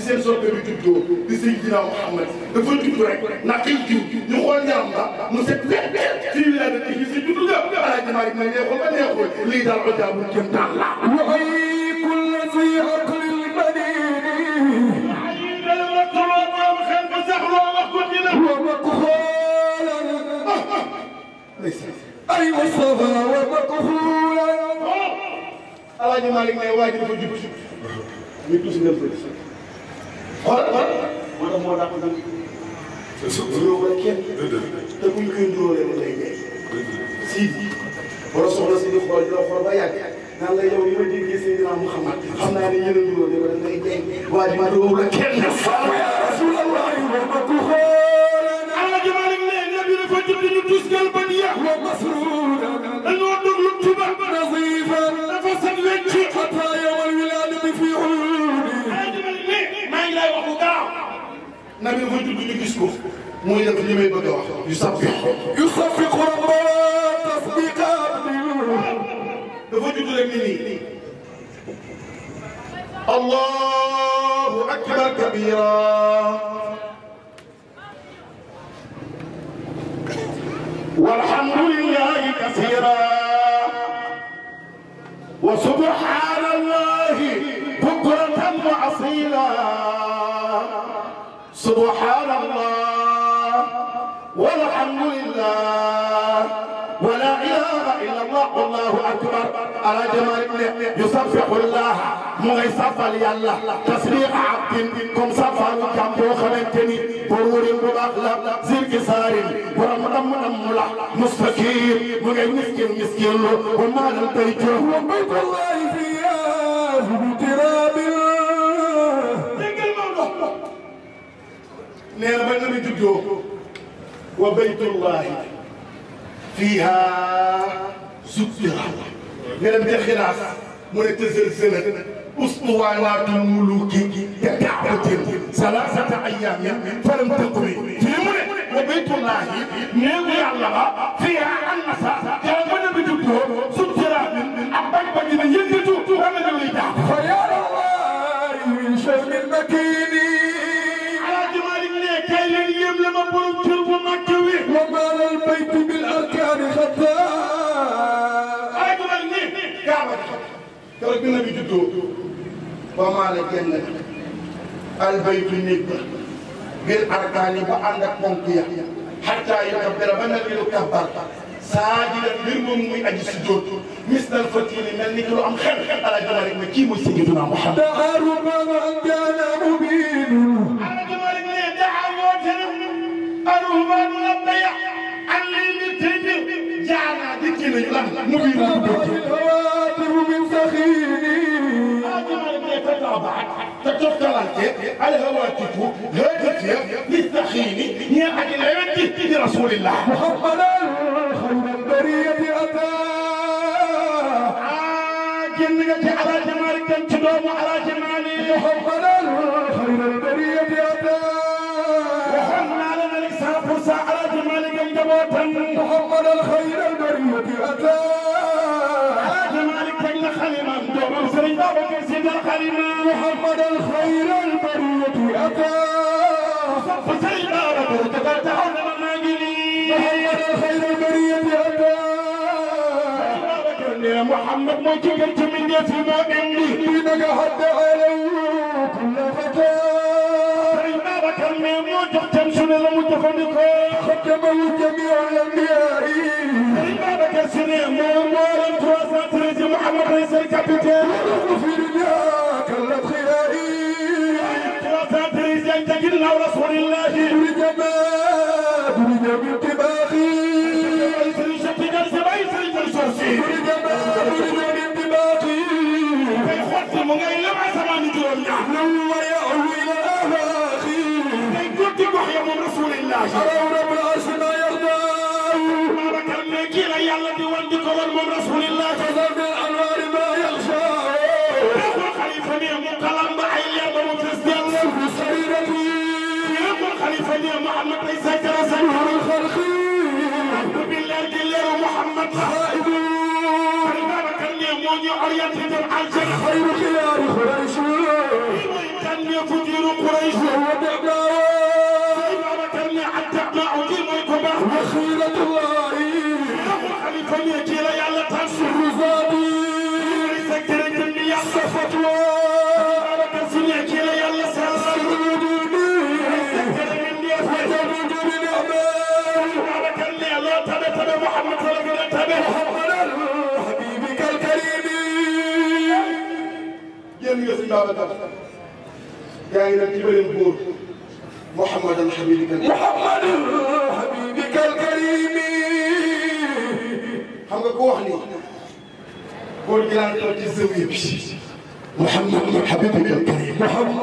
Speaker 3: bi seen soppe bi juddoo di Seydina Muhammad dafa judd rek na xëy jiw ñu xool njaram la mu set wet fii la dëkk yi si judd nga Alaaji Maalik ma neexul ba neexul lii daal ojaabul jëm taan la ay Mustafa wa makxuula Alaaji Maalik may waaj dafa jub jub ñu tuuti dem xoolal xoolal moo tax moo dàq nag. nuroo ko kenn. te bu ñu koy nuróolee ba lay dee. si. borom soxna si di xool di la xool ba yàgg. naan la yow li ma déggee Seydina Muhammad xam naa ne yéen a nuróo ne ko da ngay dee. waa ji ma nuróo ko kenn. koy tudd ñu gis ko muy def li may bëgg a wax yu sàbbi yu sàbbi ko rabba tasbiqa dafa judd rek ni nii allahu akbar kabira walhamdulillahi kasira wa subhanallahi bukratan wa asila سبحان الله والحمد لله ولا إله إلا الله والله أكبر على جمال يسبح الله موي سبحان الله تسبيح عبد كم سبحان كم بو خمنتني برور بلا زير كسار ورم دم دم لا مستقيم موي مسكين مسكين وما لم تيجو وبيت الله في أهل ترابي nee na ba nga mi juddoo wa baytullahi fiiha zukkira nga dem jël xilaas mu ne tësël-sëlë ustuwaanaatul muluki yata'atin salaasata ayyaamin falam takwi fii mu ne wa baytullahi néegu yàlla la fiiha annasa ba nga mi juddoo zukkira ak bañ bañ ne yëngatu wala ñu ngi jaaxal ba maana jannat albaytu néeg ba biir arkaani ba ànd ak ponk ya xataa yu kabbira ba nag lu kabbar saajida mbir moom muy aji si jóot mis dal fatini mel ni ki lu am xel ala jama rek ma kii mooy sayyiduna Muhammad daxaru baba kaana mubiinu ala jama rek ne daxar yoo tere aruhbaanu la daya an lii mi tëjë jaanaa dikki nañu lan mubiinu تتابعت تتطلعت الهواتف هاتفيا للتخيل نيابة العبد لرسول الله محمدا
Speaker 2: خير البرية أتى جنة على جمالك تنتدوم على جمالي
Speaker 3: محمدا
Speaker 2: خير البرية أتى
Speaker 3: وحنا لنا الإسحاق على جمالك انت موتا محمدا خير ومرسد الكلمة محمد
Speaker 2: الخير البرية أتى فسيدنا ترتبت عن مناجلي محمد الخير البرية
Speaker 3: أتى محمد ما جبت من يتمام لي لنجحت عليه كل وكم يموت كم سنة لم تفنك
Speaker 2: ختم جميع الأنبياء إمام كسر مؤمر
Speaker 3: تواسات رجل محمد رئيس الكابيتال في دنياك xaraw rabbul arsi ma yarda Babacar ne kii la yàlla di wan di ko wan moom rasulillah tasar bil anwaari ma yaxsha ko xalifa ne mu kalam ba ay leer ba mu fes yàlla fi sarirati ya ko xalifa ne Muhammad ay sakara san harul xalqi billahi di leeru Muhammad xaaidu Babacar ne moo ñu orienté dem aljanna xayru xiyaari xuraysh kan ne fudiru xuraysh Babacar yaa ngi nag ci beneen góor Mouhamadou Habibika. Mouhamadou Habibika al Karimi. xam nga ku wax ni góor gi laa toog ci zawiya bi. Mouhamadou Habibika al Karimi.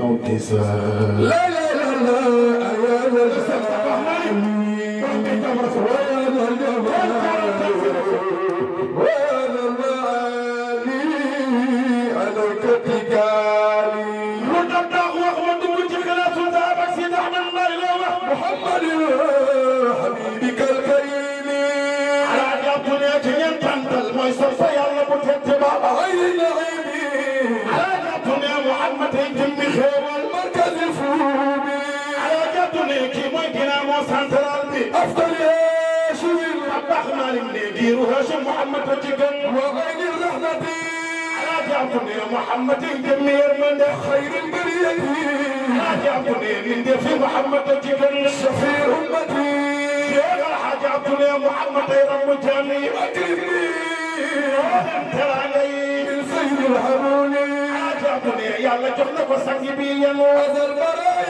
Speaker 3: انتصار لا لا لا لا
Speaker 2: أيام الحميد وأنا الجمال
Speaker 3: وأنا العلي أنا كتكالي وتبدأ وأخوة وجهنا سلطانك سيد أحمد الله إله محمد حبيبك الكريم على جابتنا جنين تنتل ما يصير سيارة بتهتبها هاي النعيمي على جابتنا محمد هيتم kii mooy dynamo central bi. aftali Hashim. tabax Malick ne diiru Hashim Mouhamad la ci gën. waa ay di rahmati. alaaji Abdu ne Mouhamad yi dem ni yërmande. xayril bariyati. alaaji Abdu ne min def fi Mouhamad la ci gën. safi ummati. yéen alaaji Abdu ne Mouhamad ay ramu jaam yi. atirni. teraanga yi. min sayyidil haruni. alaaji Abdu ne yàlla jox na ko sang bi yenu. azal baraay.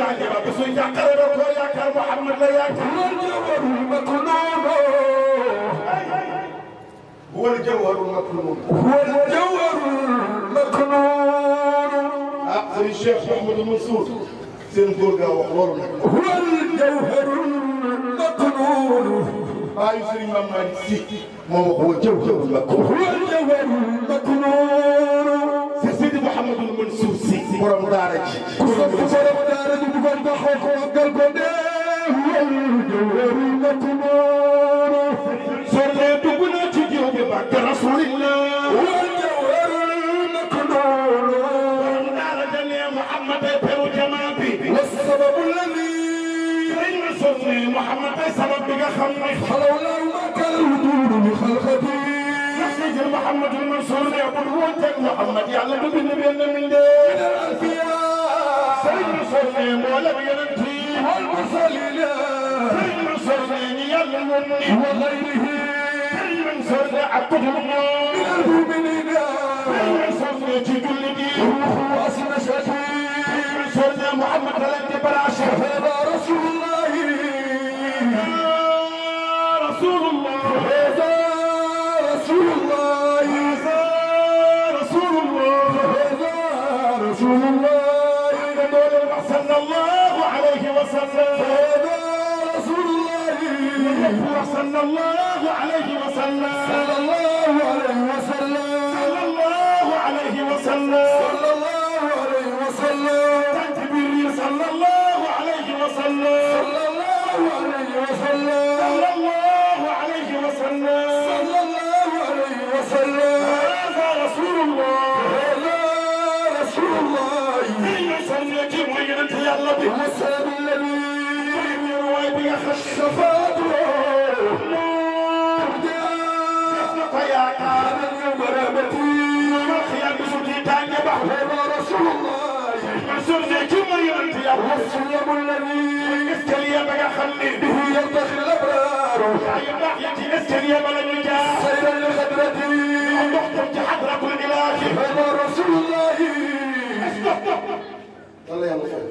Speaker 3: jaajëf ba su yaakaar doo ko yaakaar Muhammad la yaakaar. wal jawharul maknuun. wal jawharul maknuun. wal jawharul maknuun. ah sëriñ Cheikh Mouhamadou Mansour seen góor gaa wax loolu nag. wal jawharul maknuun. baayu sëriñ Mame Malick Si moo wax wal jawharul maknuun. wal jawharul maknuun. Mouhamadou Mansour Sy borom daara ji borom daara ji bugon ko xoko gal ko de jawru matmoro sore dugg na ci jiw bi ba rasulillah wal jawru matmoro borom daara ja ne Mouhamad ay peru jamaa bi wasababu lani Sëriñ Mansour ne Mouhamad ay sabab bi nga xam ne xalaw laa ma kal wududu mi xalqati jël Mouhamadul Mansour ne bu dul woon teg Mouhamad yàlla du bind benn mbindee. Sëriñ Mansour ne mboolem yonent yi. wal mursalina. Sëriñ Mansour ne ñi yàlla yónni. wa xayrihi. Sëriñ Mansour ne ak kutu bu ñoom. minal muminina. Sëriñ Mansour ne ci jullit yi. ruuxu asnashati. Sëriñ Mansour ne Mouhamad
Speaker 2: صلى الله عليه وسلم صلى الله عليه وسلم صلى الله عليه وسلم صلى الله عليه وسلم تكبير صلى الله عليه وسلم صلى الله عليه وسلم صلى الله عليه وسلم صلى الله عليه وسلم هذا رسول
Speaker 3: الله هذا رسول الله كل سنة يجيب ويجرد يلا به وسلم النبي ويروي بيخش الشفاعة هو رسول الله رسول زي كم يرد والصيام الذي استليا بقى خلي به يرتخي الابرار يا بحيتي استليا بلا نجا سيرا لخدرتي تحت حضرة الاله هو رسول الله الله يا مصطفى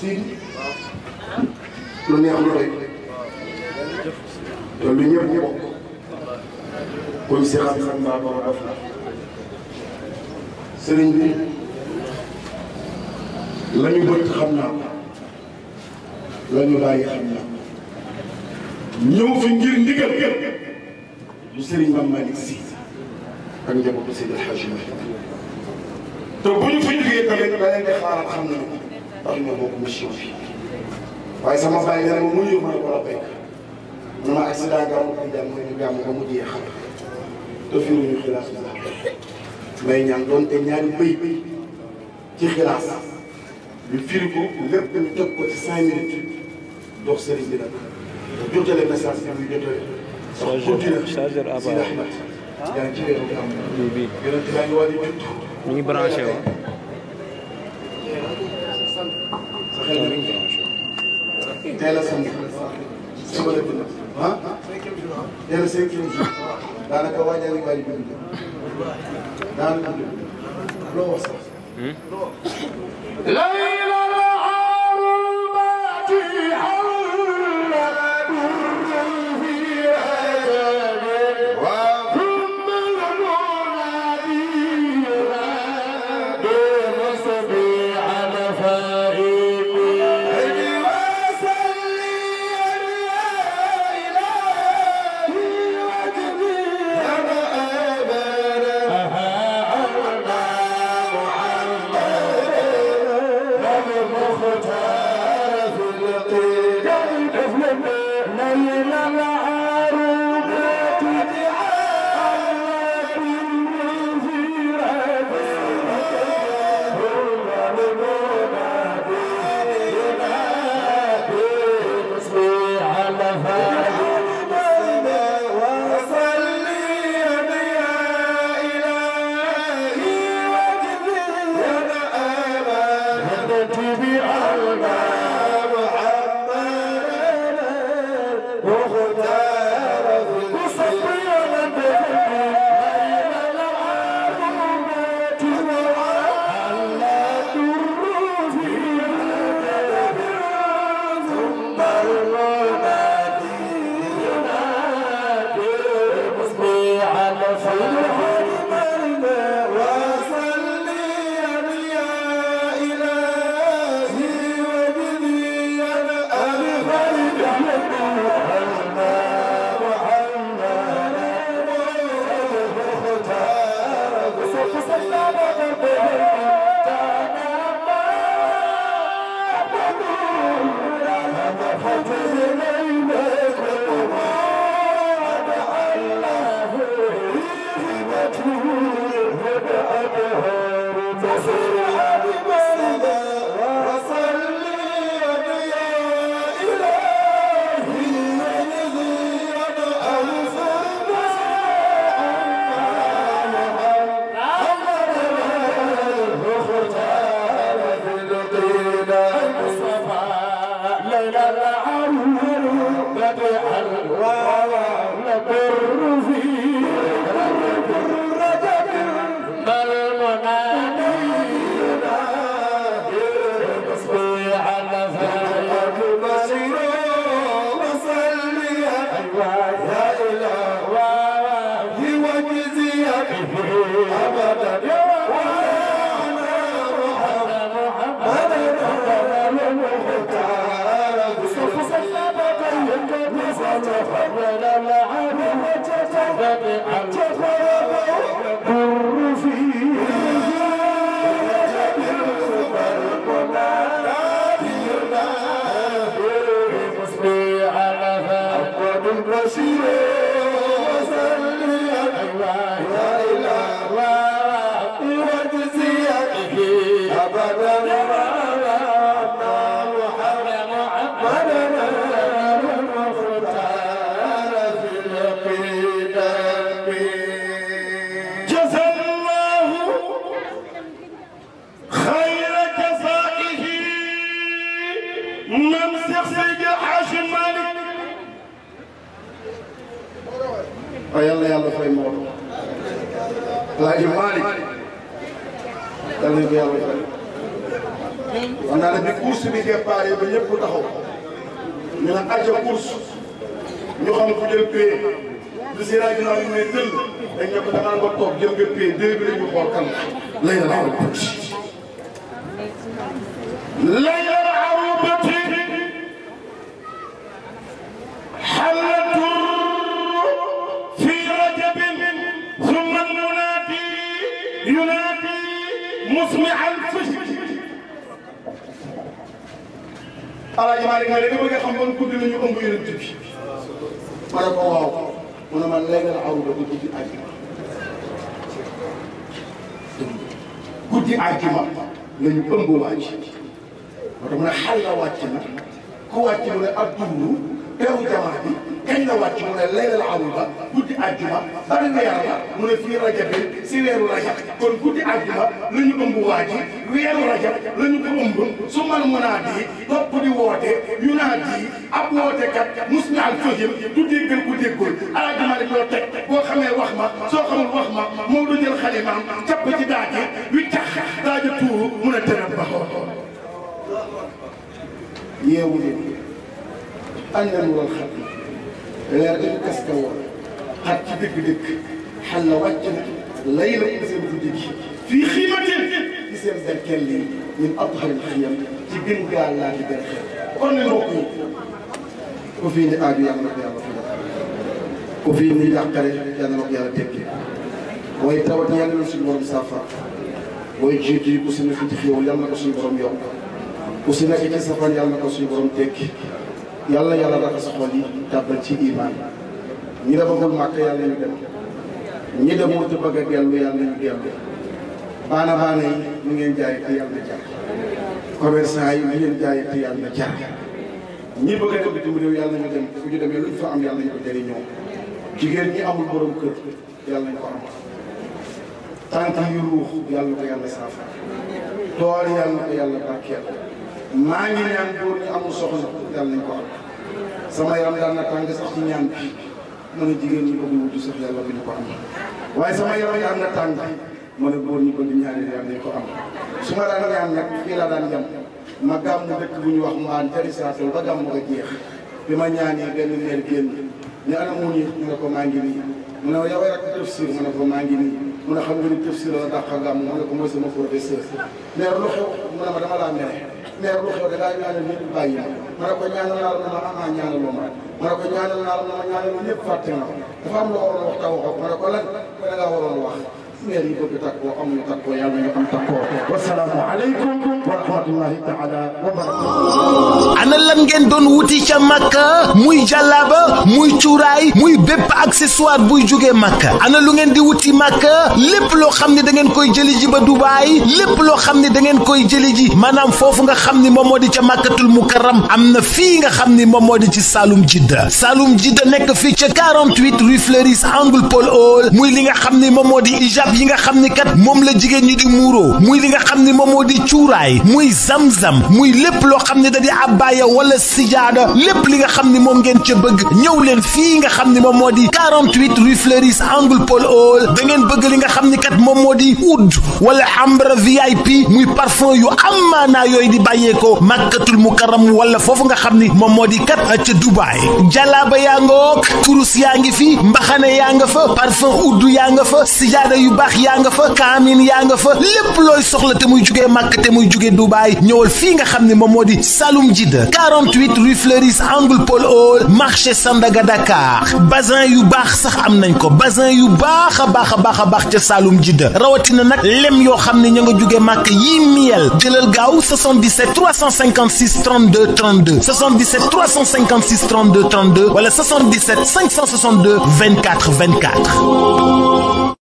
Speaker 3: سيدي
Speaker 5: lu neex lu rëy te
Speaker 3: lu ñëpp ñëpp
Speaker 2: kon si xam-xam baa borom
Speaker 3: daf la sëriñ bi la ñu bëgg xam naa ko la ñu xam naa ko ñëw fi ngir ndigal lu sëriñ Mame Malick Sy ak njabootu Seydi El Hadji Malick te bu ñu fi jógee tamit da leen xaaral xam na ko ndax ñoo bokk mission sama bàyyi dana mu ñëw ma ne ko la bekk mu ma accident gàmmu bi dem mooy ñu gàmm ba mu jeexal te fi ñu xilaas may ñaan doonte ñaari bëy ci xilaas ñu firi ko lépp ñu teg ko ci cinq minutes dox sëriñ bi nag jotale message bi muy jotale.
Speaker 1: chargeur chargeur à bas ah.
Speaker 3: yaa ngi ci weeru gàmm. ñu ngi
Speaker 1: ñu ngi branché woon.
Speaker 3: teel a samedi suba la dina ah teel a cinquième jour daanaka waajal daal loo wax sax Alaaji Maalik yal nañu ko yàlla fay wax naa ne bi course bi départ ba ñëpp taxaw ñu ne aja course ñu xam ku jël pay du si rajo naa ne tëll dañ ne ko da ngaa ko toog jël nga pay deux la ñu xool kan lay la lay la وسمع الفجر alaaji Maalik nga léegi bëgg a xam ban guddi la ñu ëmb yonent bi ma ne ko waaw mu ne ma leeral aw la ba guddi àjjuma guddi àjjuma la ñu ëmb wàcc moo tax mu ne xàll la wàcc na ku wàcc mu ne ab dund teew jamaa bi kañ la wàcc mu ne leelal awula guddi àjjuma bari na yàlla mu ne fii rajab si weeru rajab kon guddi àjjuma la ñu ëmb waa ji weeru rajab la ñu ko ëmb su man mën a di topp di woote yu naa di ab wootekat mus na al fahim du déggal ku déggul alajuma rek loo teg boo xamee wax ma soo xamul wax ma moo du jël xalimaam capp ci daaje wi tax daaje tuuru mun a tërab ba yeewu leen an nanural xat leer dañu kaska woon xat ci dëgg-dëgg xal la wàcc na lay la ko seen guddi gi fii xiimatin ci seen berkeel li ñun abdoxaril xiyam ci gën gaa laa di berkeel kon ne mbokk yi ku fii ni aaju yàlla na ko yàlla fajal ku fii ni yàqare yàlla na ko yàlla tekki waaye tawat yàlla na suñu borom saafara waaye jiit yi ku si nekk ci xéewal yàlla na ko suñu borom yokk ku si nekk ci safar yàlla na ko suñu borom tekki yàlla yàlla raxas xol yi tàbbal ci imaan ñi demagul màkk yàlla ñu dem ñi demoo te bëgg a dellu yàlla ñu dellu baana yi ñu ngeen jaay te yàlla jar commerçant yi ñu ngeen jaay te yàlla jar ñi bëgg dem bitim yàlla ñu dem fu ñu demee lu ñu fa am yàlla ñu ko jëriñoo jigéen ñi amul borom kër yàlla ñu ko am tànk ruux yàlla ko yàlla saafara tool yàlla ko yàlla barkeel maa ngi ñaan góor ñu amul soxna yàlla nañ ko am sama yaram daan na tàng sax ci ñaan bi ma ne jigéen ñi bëgg wuti sax yàlla nañ ko am waaye sama yaram yi am na tàng ma ne góor ñi bëgg ñaari yàlla nañ ko am su ma daan ñaan nag fii laa daan jam ma gàmm dëkk bu ñu wax mbaan jarisaatoo ba gàmm ko jeex bi ma ñaanee benn meer génn ñu ana mu ñu ne ko maa ngi nii mu ne yow rek tafsir mu ne ko maa ngi nii mu ne xam nga ni tafsir la dàq gàmm mu ne ko mooy sama professeur meer lu xew mu ne ma dama laa mere nee ko xew da ngaa ñaanal ñëpp bàyyi ma a ko ñaanal naa la ah ah ma amaa ñaanal ma ma ne ko ñaanal naa la ma ñaanal ñëpp fàtte na dafa am loo waroon wax taw ma ne ko lan da ngaa waroon wax ngeen bëgg takkoo amuñu
Speaker 4: ana lan ngeen doon wuti ca màkka muy jàllaaba muy cuuraay muy bépp accessoire buy jógee màkka ana lu ngeen di wuti màkka lépp loo xam ne da ngeen koy jëli ji ba dubaay lépp loo xam ne da ngeen koy jëli ji maanaam foofu nga xam ni moom moo di ca màkkatul mukarram am na fii nga xam ni moom moo di ci Saloum Jidda Saloum Jidda nekk fii ca 48 rue Fleuris angle Paul Hall muy li nga xam ni moom di ijab yi nga xam ni kat moom la jigéen ñi di muuroo muy li nga xam ni moom moo di cuuraay muy zamzam muy lépp loo xam ne da di abbaaya wala sijaada lépp li nga xam ni moom ngeen ca bëgg ñëw leen fii nga xam ni moom moo di 48 rue Fleuris angle Paul Hall da ngeen bëgg li nga xam ni kat moom moo di oud wala ambre VIP muy parfum yu amaanaa yooyu di bàyyeekoo màkkatul mukaram wala foofu nga xam ni moom moo di kat ca Dubaay jalaaba yaa nga wook kurus yaa ngi fi mbaxane yaa nga fa parfum oud nga fa sijaada yu yaa nga fa kaamin yaa nga fa lépp looy soxla te muy jugee màkk te muy jugee Dubaay ñëwal fii nga xam ne moom moo di Saloum Jidda 48 rue Fleuris angle Paul Hall marché Sandaga Dakar basin yu baax sax am nañ ko basin yu baax a baax a baax a baax ca Saloum Jidda rawatina nag lem yoo xam ne ña nga jugee màkk yii miel jëlal gaaw 77 356 32 32 77 356 32 32 wala 77 562 24
Speaker 5: 24.